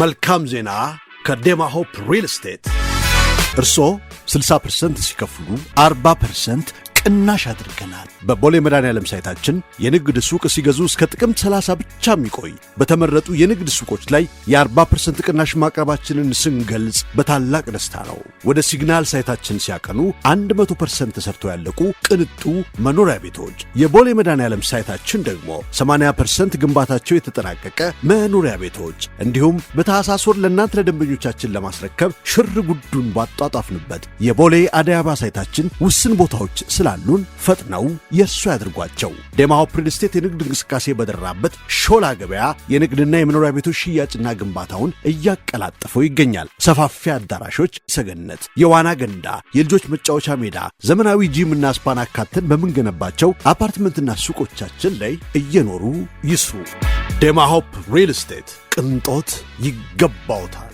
መልካም ዜና ከደማሆፕ ሪል ስቴት እርስዎ 60 ፐርሰንት ሲከፍሉ 40 ፐርሰንት ቅናሽ አድርገናል። በቦሌ መድኃኔዓለም ሳይታችን የንግድ ሱቅ ሲገዙ እስከ ጥቅምት 30 ብቻ የሚቆይ በተመረጡ የንግድ ሱቆች ላይ የ40% ቅናሽ ማቅረባችንን ስንገልጽ በታላቅ ደስታ ነው። ወደ ሲግናል ሳይታችን ሲያቀኑ 100% ተሰርቶ ያለቁ ቅንጡ መኖሪያ ቤቶች፣ የቦሌ መድኃኔዓለም ሳይታችን ደግሞ 80% ግንባታቸው የተጠናቀቀ መኖሪያ ቤቶች እንዲሁም በታህሳስ ወር ለእናንተ ለደንበኞቻችን ለማስረከብ ሽር ጉዱን ባጧጧፍንበት የቦሌ አደይ አበባ ሳይታችን ውስን ቦታዎች ስላ ስላሉን ፈጥነው የእሱ ያድርጓቸው። ዴማ ሆፕ ሪል ስቴት የንግድ እንቅስቃሴ በደራበት ሾላ ገበያ የንግድና የመኖሪያ ቤቶች ሽያጭና ግንባታውን እያቀላጠፈው ይገኛል። ሰፋፊ አዳራሾች፣ ሰገነት፣ የዋና ገንዳ፣ የልጆች መጫወቻ ሜዳ፣ ዘመናዊ ጂም እና ስፓን አካተን በምንገነባቸው አፓርትመንትና ሱቆቻችን ላይ እየኖሩ ይስሩ። ደማሆፕ ሪል ስቴት ቅንጦት ይገባውታል።